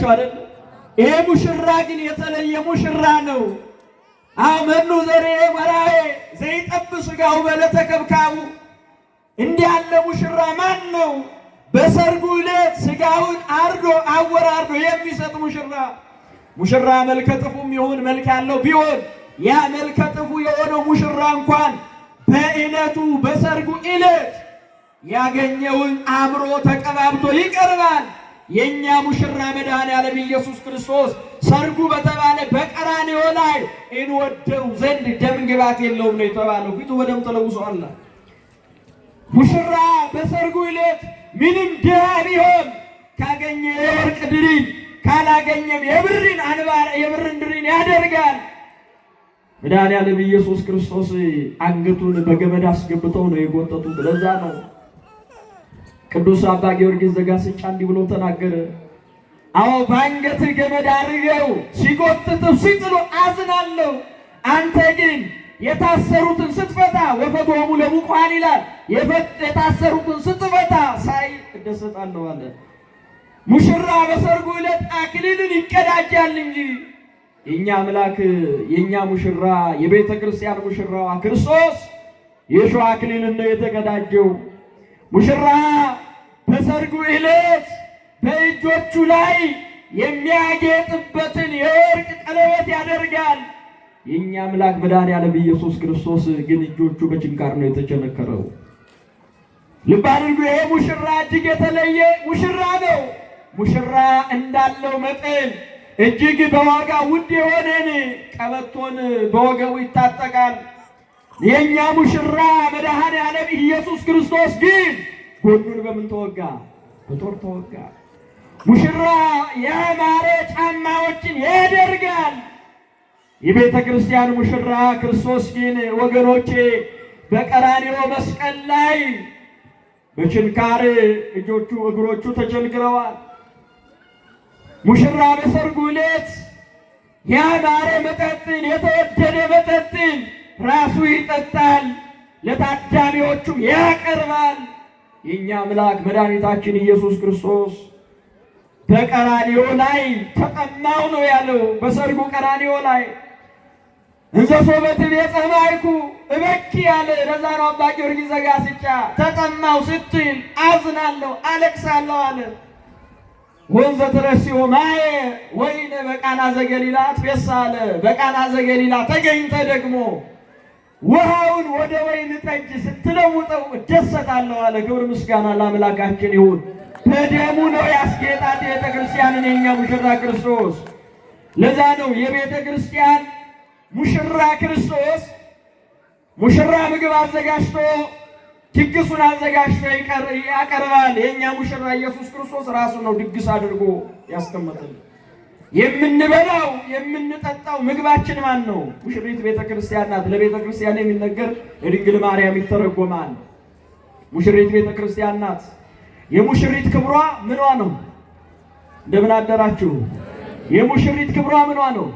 አያቸው አይደል? ይሄ ሙሽራ ግን የተለየ ሙሽራ ነው። አመኑ ዘሬ መራዬ ዘይጠብ ስጋው በለተ ከብካቡ። እንዲህ ሙሽራ ማን ነው? በሰርጉ ዕለት ስጋውን አርዶ አወራርዶ የሚሰጥ ሙሽራ። ሙሽራ መልከ ይሁን መልክ ያለው ቢሆን ያ መልከ የሆነው ሙሽራ እንኳን በዕለቱ በሰርጉ ዕለት ያገኘውን አምሮ ተቀባብቶ ይቀርባል። የእኛ ሙሽራ መድኃኔ ዓለም ኢየሱስ ክርስቶስ ሰርጉ በተባለ በቀራንዮ ላይ እንወደው ዘንድ ደም ግባት የለውም ነው የተባለው። ፊቱ በደም ተለውሷል። ሙሽራ በሰርጉ ዕለት ምንም ድሃ ቢሆን ካገኘ የወርቅ ድሪን ካላገኘም የብርን አንባር የብርን ድሪን ያደርጋል። መድኃኔ ዓለም ኢየሱስ ክርስቶስ አንገቱን በገመድ አስገብተው ነው የጎተቱት። ለዛ ነው ቅዱስ አባ ጊዮርጊስ ዘጋስጫ እንዲህ ብሎ ተናገረ። አዎ በአንገት ገመድ አድርገው ሲጎትትህ ሲጥሉ አዝናለሁ። አንተ ግን የታሰሩትን ስትፈታ ወፈቶሙ ለሙቋን ይላል። የታሰሩትን ስትፈታ ሳይ እደሰታለሁ አለ። ሙሽራ በሰርጉ ዕለት አክሊልን ይቀዳጃል እንጂ የእኛ አምላክ የእኛ ሙሽራ የቤተ ክርስቲያን ሙሽራዋ ክርስቶስ የሾህ አክሊልን ነው የተቀዳጀው ሙሽራ በሰርጉ ዕለት በእጆቹ ላይ የሚያጌጥበትን የወርቅ ቀለበት ያደርጋል። የእኛ አምላክ መድኃኔዓለም ኢየሱስ ክርስቶስ ግን እጆቹ በችንካር ነው የተቸነከረው። ልብ አድርጉ። ይሄ ሙሽራ እጅግ የተለየ ሙሽራ ነው። ሙሽራ እንዳለው መጠን እጅግ በዋጋ ውድ የሆነን ቀበቶን በወገቡ ይታጠቃል። የእኛ ሙሽራ መድኃኔዓለም ኢየሱስ ክርስቶስ ግን ጎኑን በምን ተወጋ? በጦር ተወጋ። ሙሽራ ያማረ ጫማዎችን ያደርጋል። የቤተ ክርስቲያን ሙሽራ ክርስቶስ ግን ወገኖቼ በቀራንዮ መስቀል ላይ በችንካር እጆቹ እግሮቹ ተቸንክረዋል። ሙሽራ በሰርጉ ዕለት ያማረ መጠጥን የተወደደ መጠጥን ራሱ ይጠጣል፣ ለታዳሚዎቹም ያቀርባል። የእኛ አምላክ መድኃኒታችን ኢየሱስ ክርስቶስ በቀራንዮ ላይ ተቀናው ነው ያለው። በሰርጉ ቀራንዮ ላይ እንዘሶበት ቤጸባይኩ እበኪ ያለ ለዛ ነው አባ ጊዮርጊስ ዘጋስጫ ተቀናው ስትል አዝናለሁ፣ አለቅሳለሁ አለ። ወንዘ ትረሲዮ ማየ ወይነ በቃና ዘገሊላ ትፌሳ አለ። በቃና ዘገሊላ ተገኝተ ደግሞ ውሃውን ወደ ወይን ጠጅ ስትለውጠው እደሰታለሁ አለ። ክብር ምስጋና ለአምላካችን ይሁን። በደሙ ነው ያስጌጣት ቤተ ክርስቲያንን የእኛ ሙሽራ ክርስቶስ። ለዛ ነው የቤተ ክርስቲያን ሙሽራ ክርስቶስ ሙሽራ ምግብ አዘጋጅቶ ድግሱን አዘጋጅቶ ያቀርባል። የእኛ ሙሽራ ኢየሱስ ክርስቶስ ራሱ ነው ድግስ አድርጎ ያስቀመጠልን። የምንበላው የምንጠጣው ምግባችን ማን ነው? ሙሽሪት ቤተ ክርስቲያን ናት። ለቤተ ክርስቲያን የሚነገር ለድንግል ማርያም ይተረጎማል። ሙሽሪት ቤተ ክርስቲያን ናት። የሙሽሪት ክብሯ ምኗ ነው? እንደምን አደራችሁ። የሙሽሪት ክብሯ ምኗ ነው?